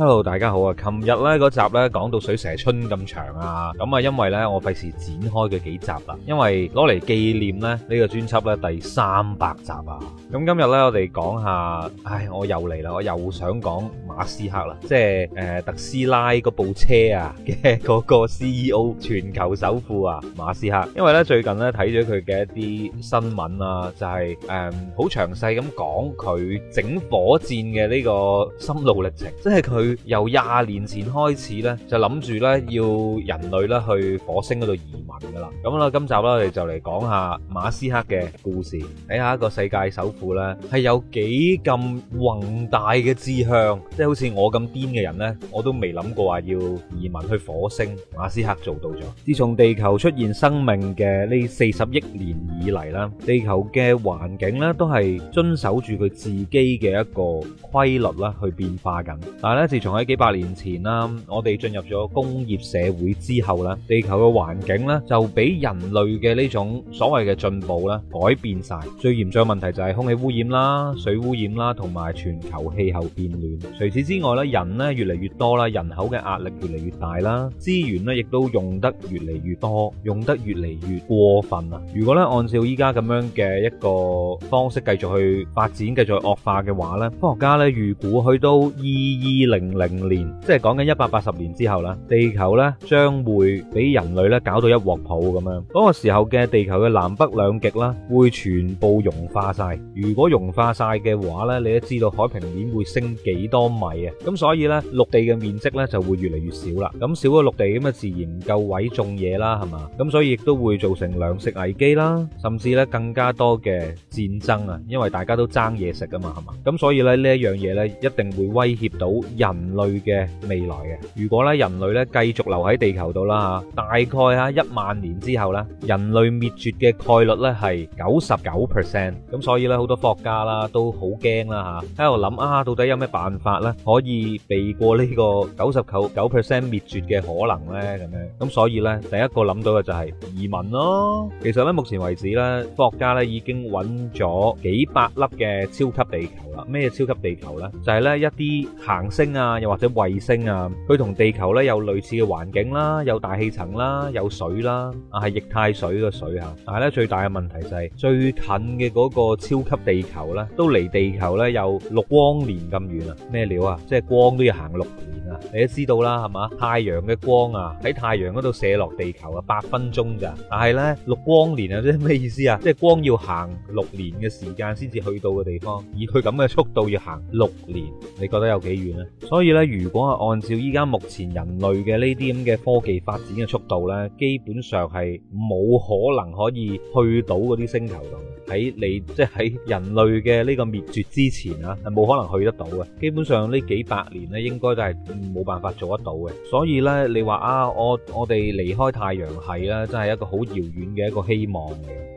hello，大家好啊！琴日咧嗰集咧講到水蛇春咁長啊，咁啊因為咧我費事展開佢幾集啦，因為攞嚟紀念咧呢個專輯咧第三百集啊。咁今日咧我哋講下，唉，我又嚟啦，我又想講馬斯克啦，即係誒特斯拉嗰部車啊嘅嗰個 CEO 全球首富啊馬斯克，因為咧最近咧睇咗佢嘅一啲新聞啊，就係誒好詳細咁講佢整火箭嘅呢個心路歷程，即係佢。由廿年前開始咧，就諗住咧要人類咧去火星嗰度移民噶啦。咁啦，今集咧我哋就嚟講下馬斯克嘅故事。睇下一個世界首富咧，係有幾咁宏大嘅志向，即係好似我咁癲嘅人咧，我都未諗過話要移民去火星。馬斯克做到咗。自從地球出現生命嘅呢四十億年以嚟啦，地球嘅環境咧都係遵守住佢自己嘅一個規律啦，去變化緊。但係咧自從喺幾百年前啦，我哋進入咗工業社會之後咧，地球嘅環境咧就俾人類嘅呢種所謂嘅進步咧改變晒。最嚴重嘅問題就係空氣污染啦、水污染啦，同埋全球氣候變暖。除此之外咧，人咧越嚟越多啦，人口嘅壓力越嚟越大啦，資源咧亦都用得越嚟越多，用得越嚟越過分啊！如果咧按照依家咁樣嘅一個方式繼續去發展、繼續惡化嘅話咧，科學家咧預估去到二二零零零年，即係講緊一百八十年之後啦，地球呢將會俾人類呢搞到一鑊泡咁樣。嗰個時候嘅地球嘅南北兩極啦，會全部融化晒。如果融化晒嘅話呢，你都知道海平面會升幾多米啊？咁所以呢，陸地嘅面積呢就會越嚟越少啦。咁少嘅陸地咁啊，自然唔夠位種嘢啦，係嘛？咁所以亦都會造成糧食危機啦，甚至呢更加多嘅戰爭啊，因為大家都爭嘢食吖嘛，係嘛？咁所以呢呢一樣嘢呢，一,一定會威脅到人人類嘅未來嘅，如果咧人類咧繼續留喺地球度啦吓，大概吓一萬年之後咧，人類滅絕嘅概率咧係九十九 percent，咁所以咧好多科學家啦都好驚啦吓，喺度諗啊，到底有咩辦法咧可以避過呢個九十九九 percent 滅絕嘅可能咧咁樣，咁所以咧第一個諗到嘅就係移民咯。其實咧目前為止咧，科學家咧已經揾咗幾百粒嘅超級地球啦。咩超級地球咧就係咧一啲行星啊。啊，又或者衛星啊，佢同地球呢有類似嘅環境啦、啊，有大氣層啦，有水啦、啊，係、啊、液態水嘅水吓、啊。但係呢，最大嘅問題就係、是、最近嘅嗰個超級地球呢，都離地球呢有六光年咁遠啊！咩料啊？即係光都要行六年啊！你都知道啦，係嘛？太陽嘅光啊，喺太陽嗰度射落地球啊，八分鐘咋？但係呢，六光年啊，即係咩意思啊？即係光要行六年嘅時間先至去到嘅地方，以佢咁嘅速度要行六年，你覺得有幾遠啊？所以咧，如果係按照依家目前人類嘅呢啲咁嘅科技發展嘅速度咧，基本上係冇可能可以去到嗰啲星球度。喺你即係喺人類嘅呢個滅絕之前啊，係冇可能去得到嘅。基本上呢幾百年咧，應該都係冇辦法做得到嘅。所以咧，你話啊，我我哋離開太陽系咧，真係一個好遙遠嘅一個希望嚟。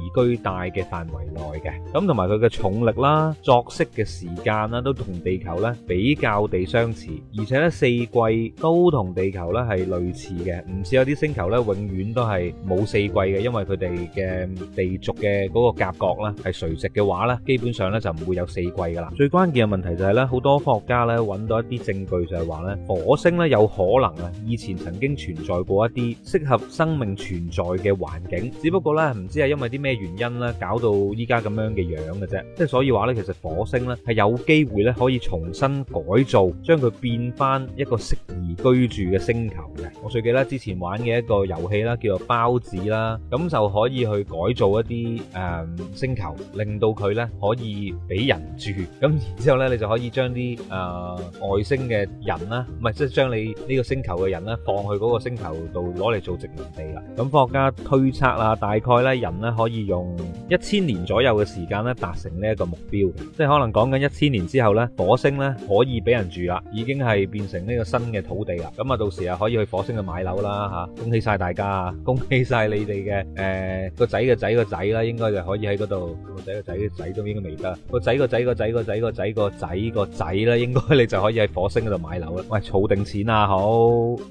宜居帶嘅範圍內嘅，咁同埋佢嘅重力啦、作息嘅時間啦，都同地球咧比較地相似，而且咧四季都同地球咧係類似嘅，唔似有啲星球咧永遠都係冇四季嘅，因為佢哋嘅地軸嘅嗰個夾角啦係垂直嘅話咧，基本上咧就唔會有四季噶啦。最關鍵嘅問題就係咧，好多科學家咧搵到一啲證據就係話咧，火星咧有可能啊，以前曾經存在過一啲適合生命存在嘅環境，只不過咧唔知係因為啲咩。咩原因咧，搞到依家咁樣嘅樣嘅啫，即係所以話咧，其實火星咧係有機會咧可以重新改造，將佢變翻一個色。居住嘅星球嘅，我最記得之前玩嘅一個遊戲啦，叫做包子啦，咁就可以去改造一啲誒、嗯、星球，令到佢咧可以俾人住，咁然之後咧你就可以將啲誒、呃、外星嘅人啦，唔係即係將你呢個星球嘅人咧放去嗰個星球度攞嚟做殖民地啦。咁科學家推測啦，大概咧人咧可以用一千年左右嘅時間咧達成呢一個目標，嘅，即係可能講緊一千年之後咧，火星咧可以俾人住啦，已經係變成呢個新嘅土地啊，咁啊，到時啊可以去火星度買樓啦吓，恭喜晒大家，恭喜晒你哋嘅誒個仔嘅仔個仔啦，應該就可以喺嗰度個仔個仔個仔都應該未得，個仔個仔個仔個仔個仔個仔個仔啦，應該你就可以喺火星嗰度買樓啦。喂，儲定錢啊好，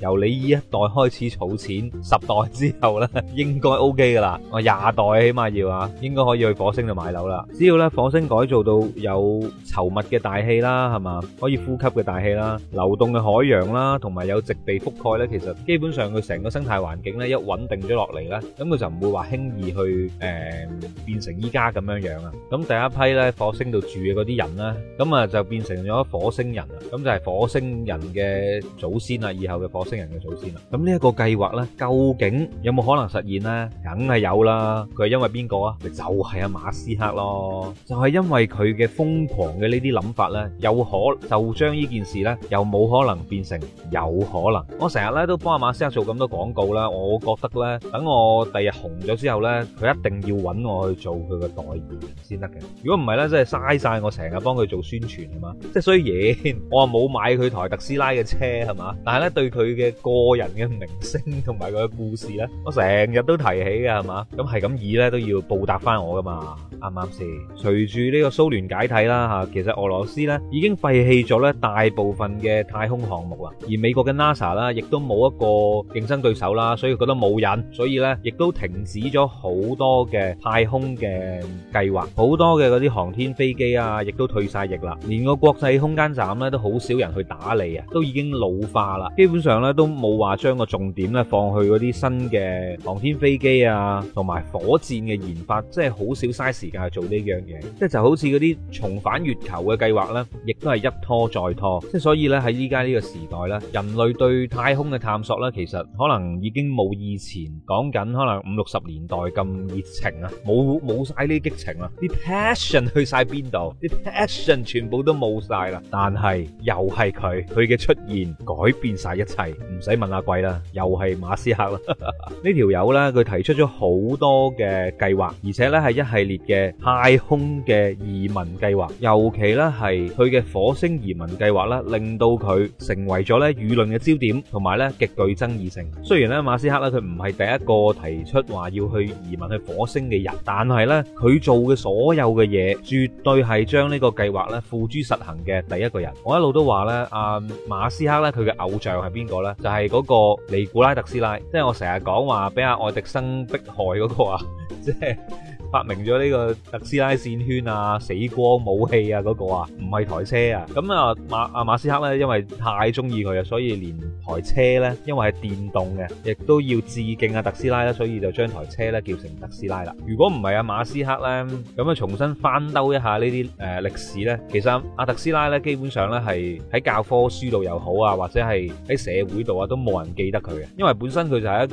由你呢一代開始儲錢，十代之後咧應該 OK 噶啦，我廿代起碼要啊，應該可以去火星度買樓啦。只要咧火星改造到有稠密嘅大氣啦，係嘛可以呼吸嘅大氣啦，流動嘅海洋啦。同埋有植被覆蓋咧，其實基本上佢成個生態環境咧一穩定咗落嚟咧，咁佢就唔會話輕易去誒變成依家咁樣樣啊。咁第一批咧火星度住嘅嗰啲人咧，咁啊就變成咗火星人啊。咁就係火星人嘅祖先啊，以後嘅火星人嘅祖先啊。咁呢一個計劃咧，究竟有冇可能實現咧？梗係有啦。佢係因為邊個啊？咪就係阿馬斯克咯。就係因為佢嘅瘋狂嘅呢啲諗法咧，有可就將呢件事咧又冇可能變成。有可能，我成日咧都幫阿馬斯克做咁多廣告啦，我覺得咧，等我第日紅咗之後咧，佢一定要搵我去做佢嘅代言人先得嘅。如果唔係咧，真係嘥晒我成日幫佢做宣傳啊嘛。即係雖然我啊冇買佢台特斯拉嘅車係嘛，但係咧對佢嘅個人嘅名聲同埋佢嘅故事咧，我成日都提起嘅係嘛。咁係咁意咧都要報答翻我噶嘛，啱唔啱先？隨住呢個蘇聯解體啦吓，其實俄羅斯咧已經廢棄咗咧大部分嘅太空項目啦。而美國嘅 NASA 亦都冇一個競爭對手啦，所以覺得冇癮，所以咧亦都停止咗好多嘅太空嘅計劃，好多嘅嗰啲航天飛機啊，亦都退晒役啦，連個國際空間站咧都好少人去打理啊，都已經老化啦，基本上咧都冇話將個重點咧放去嗰啲新嘅航天飛機啊，同埋火箭嘅研發，即係好少嘥時間去做呢樣嘢，即係就好似嗰啲重返月球嘅計劃咧，亦都係一拖再拖，即係所以咧喺依家呢個時代咧。人類對太空嘅探索咧，其實可能已經冇以前講緊可能五六十年代咁熱情啊，冇冇晒呢激情啊，啲 passion 去晒邊度？啲 passion 全部都冇晒啦。但係又係佢，佢嘅出現改變晒一切。唔使問阿貴啦，又係馬斯克啦。呢條友咧，佢提出咗好多嘅計劃，而且咧係一系列嘅太空嘅移民計劃，尤其咧係佢嘅火星移民計劃咧，令到佢成為咗咧。輿論嘅焦點同埋呢極具爭議性。雖然呢馬斯克呢，佢唔係第一個提出話要去移民去火星嘅人，但係呢，佢做嘅所有嘅嘢，絕對係將呢個計劃呢付諸實行嘅第一個人。我一路都話呢，阿、嗯、馬斯克呢，佢嘅偶像係邊個呢？就係、係、嗰個尼古拉特斯拉，即係我成日講話俾阿愛迪生迫害嗰、嗰個啊，即係。發明咗呢個特斯拉線圈啊、死光武器啊嗰個啊，唔係台車啊，咁啊馬阿馬斯克咧，因為太中意佢啊，所以連台車咧，因為係電動嘅，亦都要致敬啊特斯拉啦，所以就將台車咧叫成特斯拉啦。如果唔係阿馬斯克咧，咁啊重新翻兜一下呢啲誒歷史咧，其實阿特斯拉咧，基本上咧係喺教科書度又好啊，或者係喺社會度啊，都冇人記得佢嘅，因為本身佢就係一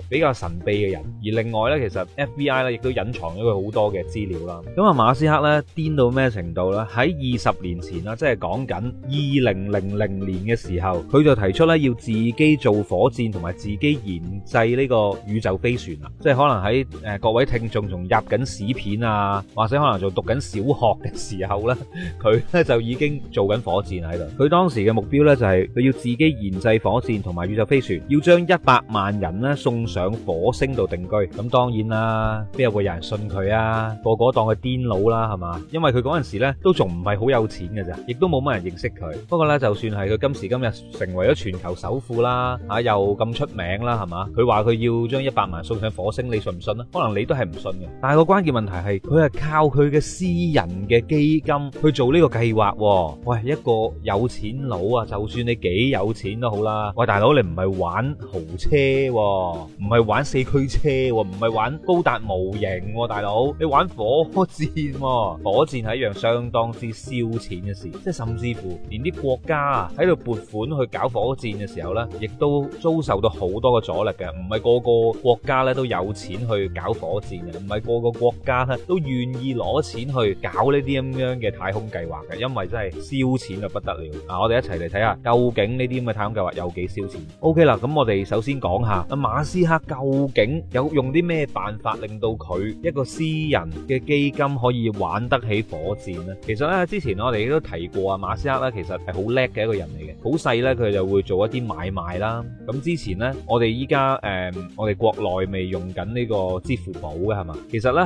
個比較神秘嘅人，而另外咧，其實 FBI 咧亦都隱藏咗。佢好多嘅資料啦。咁啊，馬斯克咧癲到咩程度呢？喺二十年前啦，即係講緊二零零零年嘅時候，佢就提出咧要自己做火箭同埋自己研製呢個宇宙飛船啦。即係可能喺誒各位聽眾仲入緊史片啊，或者可能仲讀緊小學嘅時候呢，佢 呢就已經做緊火箭喺度。佢當時嘅目標呢，就係，就係佢要自己研製火箭同埋宇宙飛船，要將一百萬人呢送上火星度定居。咁當然啦，邊有會有人信？佢啊，個個當佢癲佬啦，係嘛？因為佢嗰陣時呢都仲唔係好有錢嘅咋，亦都冇乜人認識佢。不過呢，就算係佢今時今日成為咗全球首富啦，吓、啊、又咁出名啦，係嘛？佢話佢要將一百萬送上火星，你信唔信啊？可能你都係唔信嘅。但係個關鍵問題係，佢係靠佢嘅私人嘅基金去做呢個計劃喎。喂，一個有錢佬啊，就算你幾有錢都好啦。喂，大佬，你唔係玩豪車喎，唔係玩四驅車喎，唔係玩高達模型喎，大。大佬，你玩火箭喎，啊？火箭係一樣相當之燒錢嘅事，即係甚至乎連啲國家啊喺度撥款去搞火箭嘅時候呢，亦都遭受到好多嘅阻力嘅。唔係個個國家咧都有錢去搞火箭嘅，唔係個個國家咧都願意攞錢去搞呢啲咁樣嘅太空計劃嘅，因為真係燒錢就不得了。嗱、啊，我哋一齊嚟睇下究竟呢啲咁嘅太空計劃有幾燒錢。OK 啦，咁我哋首先講下阿馬斯克究竟有用啲咩辦法令到佢一個？私人嘅基金可以玩得起火箭咧？其實咧，之前我哋都提過啊，馬斯克咧其實係好叻嘅一個人嚟嘅，好細咧，佢就會做一啲買賣啦。咁之前呢，我哋依家誒，我哋國內未用緊呢個支付寶嘅係嘛？其實咧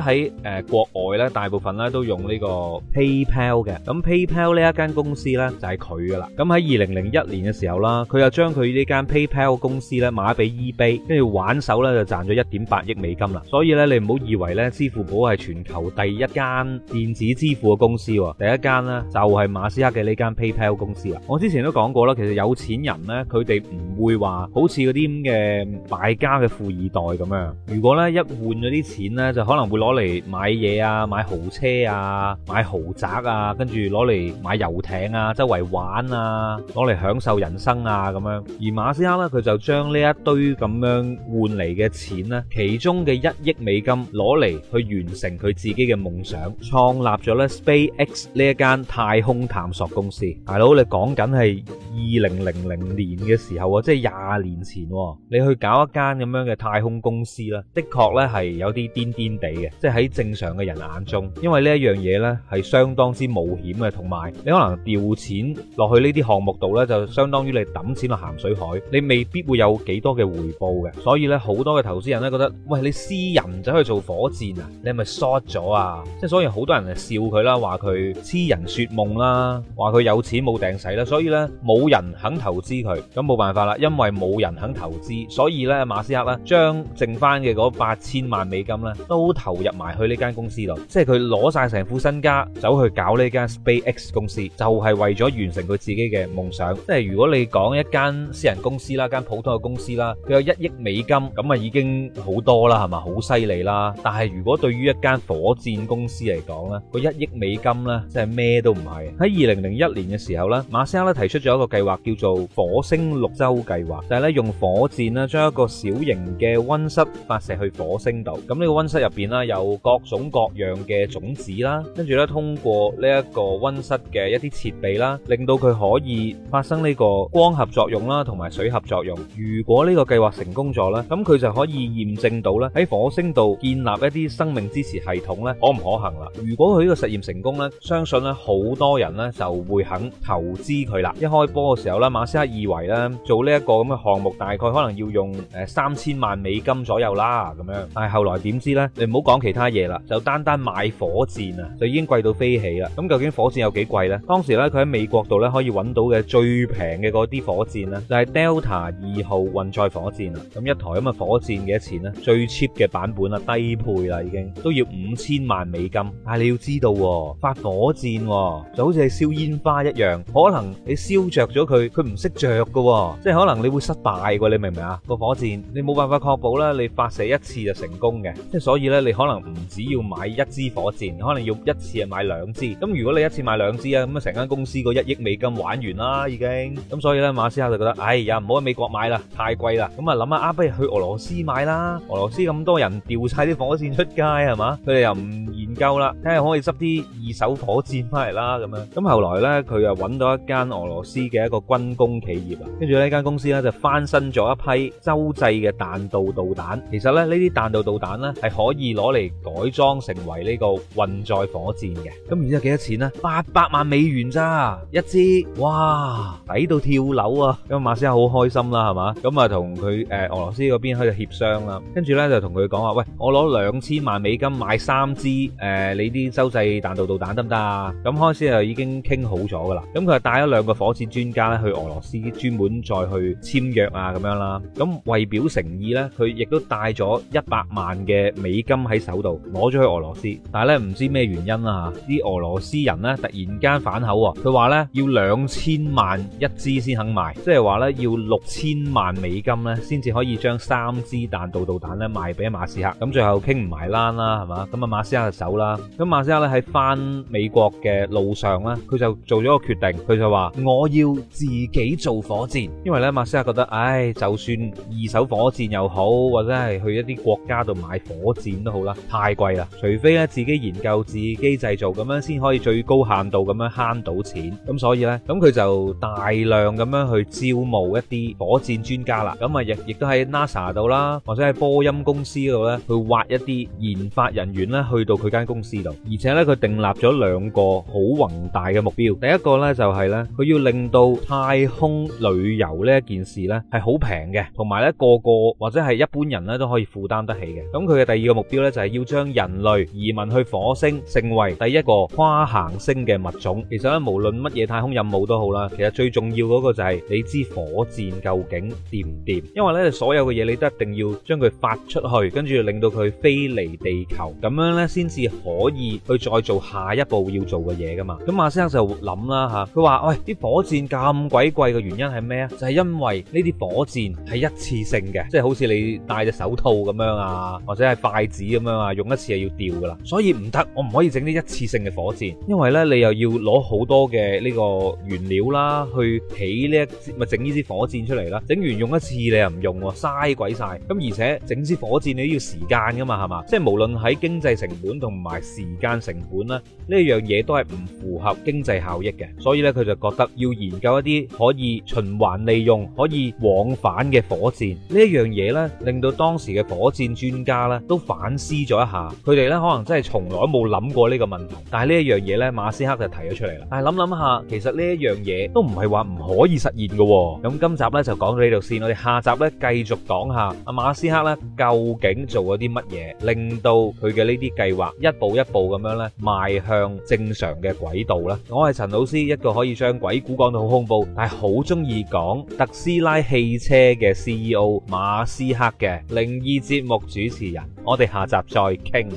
喺誒國外咧，大部分咧都用呢個 PayPal 嘅。咁 PayPal 呢一間公司咧就係佢噶啦。咁喺二零零一年嘅時候啦，佢又將佢呢間 PayPal 公司咧賣俾 eBay，跟住玩手咧，就賺咗一點八億美金啦。所以咧，你唔好以為咧富保係全球第一間電子支付嘅公司，第一間呢，就係馬斯克嘅呢間 PayPal 公司啦。我之前都講過啦，其實有錢人呢，佢哋唔會話好似嗰啲咁嘅敗家嘅富二代咁樣。如果呢一換咗啲錢呢，就可能會攞嚟買嘢啊，買豪車啊，買豪宅啊，跟住攞嚟買遊艇啊，周圍玩啊，攞嚟享受人生啊咁樣。而馬斯克呢，佢就將呢一堆咁樣換嚟嘅錢呢，其中嘅一億美金攞嚟去。完成佢自己嘅夢想，創立咗咧 SpaceX 呢一間太空探索公司。大佬，你講緊係二零零零年嘅時候啊，即係廿年前，你去搞一間咁樣嘅太空公司啦，的確咧係有啲癲癲地嘅，即係喺正常嘅人眼中，因為呢一樣嘢咧係相當之冒險嘅，同埋你可能調錢落去呢啲項目度咧，就相當於你抌錢落鹹水海，你未必會有幾多嘅回報嘅。所以咧，好多嘅投資人咧覺得，喂，你私人走去做火箭啊？你係咪 short 咗啊？即係所以好多人嚟笑佢啦，話佢痴人說夢啦，話佢有錢冇掟使啦，所以呢，冇人肯投資佢，咁冇辦法啦，因為冇人肯投資，所以呢，馬斯克啦將剩翻嘅嗰八千萬美金呢，都投入埋去呢間公司度，即係佢攞晒成副身家走去搞呢間 SpaceX 公司，就係為咗完成佢自己嘅夢想。即係如果你講一間私人公司啦，間普通嘅公司啦，佢有一億美金咁啊已經好多啦，係咪？好犀利啦。但係如果對於一間火箭公司嚟講咧，呢個一億美金咧，真係咩都唔係。喺二零零一年嘅時候咧，馬斯克咧提出咗一個計劃叫做火星綠洲計劃，就係咧用火箭咧將一個小型嘅温室發射去火星度。咁呢個温室入邊咧有各種各樣嘅種子啦，跟住咧通過呢一個温室嘅一啲設備啦，令到佢可以發生呢個光合作用啦，同埋水合作用。如果呢個計劃成功咗咧，咁佢就可以驗證到咧喺火星度建立一啲生命支持系統咧，可唔可行啦？如果佢呢個實驗成功咧，相信咧好多人咧就會肯投資佢啦。一開波嘅時候咧，馬斯克以為咧做呢一個咁嘅項目，大概可能要用誒三千萬美金左右啦咁樣。但係後來點知咧，你唔好講其他嘢啦，就單單買火箭啊，就已經貴到飛起啦。咁究竟火箭有幾貴咧？當時咧佢喺美國度咧可以揾到嘅最平嘅嗰啲火箭咧，就係 Delta 二號運載火箭啊。咁一台咁嘅火箭幾多錢咧？最 cheap 嘅版本啦，低配啦，都要五千萬美金，但係你要知道喎，發火箭就好似係燒煙花一樣，可能你燒着咗佢，佢唔識着噶，即係可能你會失敗噶，你明唔明啊？個火箭你冇辦法確保咧，你發射一次就成功嘅，即係所以咧，你可能唔只要買一支火箭，可能要一次啊買兩支。咁如果你一次買兩支啊，咁啊成間公司個一億美金玩完啦，已經。咁所以咧，馬斯克就覺得，唉，又唔好喺美國買啦，太貴啦。咁啊諗下啊，不如去俄羅斯買啦。俄羅斯咁多人調晒啲火箭出嘅。係嘛？佢哋又唔研究啦，睇下可以執啲二手火箭翻嚟啦咁樣。咁後來咧，佢又搵到一間俄羅斯嘅一個軍工企業啊，跟住呢一間公司咧就翻新咗一批洲際嘅彈道導彈。其實咧呢啲彈道導彈咧係可以攞嚟改裝成為呢個運載火箭嘅。咁然之後幾多錢呢？八百萬美元咋一支？哇，抵到跳樓啊！咁馬斯克好開心啦，係嘛？咁啊同佢誒俄羅斯嗰邊開始協商啦，跟住咧就同佢講話：喂，我攞兩千萬。萬美金買三支誒、呃，你啲洲際彈道導彈得唔得啊？咁開始就已經傾好咗噶啦，咁佢就帶咗兩個火箭專家咧去俄羅斯，專門再去簽約啊咁樣啦。咁為表誠意咧，佢亦都帶咗一百萬嘅美金喺手度，攞咗去俄羅斯。但係咧唔知咩原因啊。啲俄羅斯人咧突然間反口、啊，佢話咧要兩千萬一支先肯賣，即係話咧要六千萬美金咧先至可以將三支彈道導彈咧賣俾馬斯克。咁最後傾唔埋啦。啦，係嘛咁啊？馬斯克就走啦。咁馬斯克咧喺翻美國嘅路上咧，佢就做咗個決定，佢就話我要自己做火箭。因為咧，馬斯克覺得，唉，就算二手火箭又好，或者係去一啲國家度買火箭都好啦，太貴啦。除非咧自己研究，自己製造，咁樣先可以最高限度咁樣慳到錢。咁所以咧，咁佢就大量咁樣去招募一啲火箭專家啦。咁啊，亦亦都喺 NASA 度啦，或者係波音公司嗰度咧去挖一啲二。研發人員咧去到佢間公司度，而且咧佢訂立咗兩個好宏大嘅目標。第一個咧就係、是、咧，佢要令到太空旅遊呢一件事咧係好平嘅，同埋咧個個或者係一般人咧都可以負擔得起嘅。咁佢嘅第二個目標咧就係、是、要將人類移民去火星，成為第一個跨行星嘅物種。其實咧無論乜嘢太空任務都好啦，其實最重要嗰個就係、是、你知火箭究竟掂唔掂？因為咧所有嘅嘢你都一定要將佢發出去，跟住令到佢飛離。地球咁樣咧，先至可以去再做下一步要做嘅嘢噶嘛。咁馬斯克就諗啦吓，佢、啊、話：喂，啲、哎、火箭咁鬼貴嘅原因係咩啊？就係、是、因為呢啲火箭係一次性嘅，即係好似你戴隻手套咁樣啊，或者係筷子咁樣啊，用一次係要掉噶啦。所以唔得，我唔可以整啲一次性嘅火箭，因為咧你又要攞好多嘅呢個原料啦，去起呢一支咪整呢支火箭出嚟啦。整完用一次你又唔用，嘥鬼晒。咁而且整支火箭你都要時間噶嘛，係嘛，即係冇。無論喺經濟成本同埋時間成本咧，呢樣嘢都係唔符合經濟效益嘅，所以咧佢就覺得要研究一啲可以循環利用、可以往返嘅火箭呢一樣嘢咧，令到當時嘅火箭專家咧都反思咗一下，佢哋咧可能真係從來都冇諗過呢個問題，但係呢一樣嘢咧，馬斯克就提咗出嚟啦。但係諗諗下，其實呢一樣嘢都唔係話唔可以實現噶。咁今集咧就講到呢度先，我哋下集咧繼續講下阿馬斯克咧究竟做咗啲乜嘢令。到佢嘅呢啲計劃一步一步咁樣咧，邁向正常嘅軌道啦。我係陳老師，一個可以將鬼故講到好恐怖，但係好中意講特斯拉汽車嘅 CEO 馬斯克嘅靈異節目主持人。我哋下集再傾。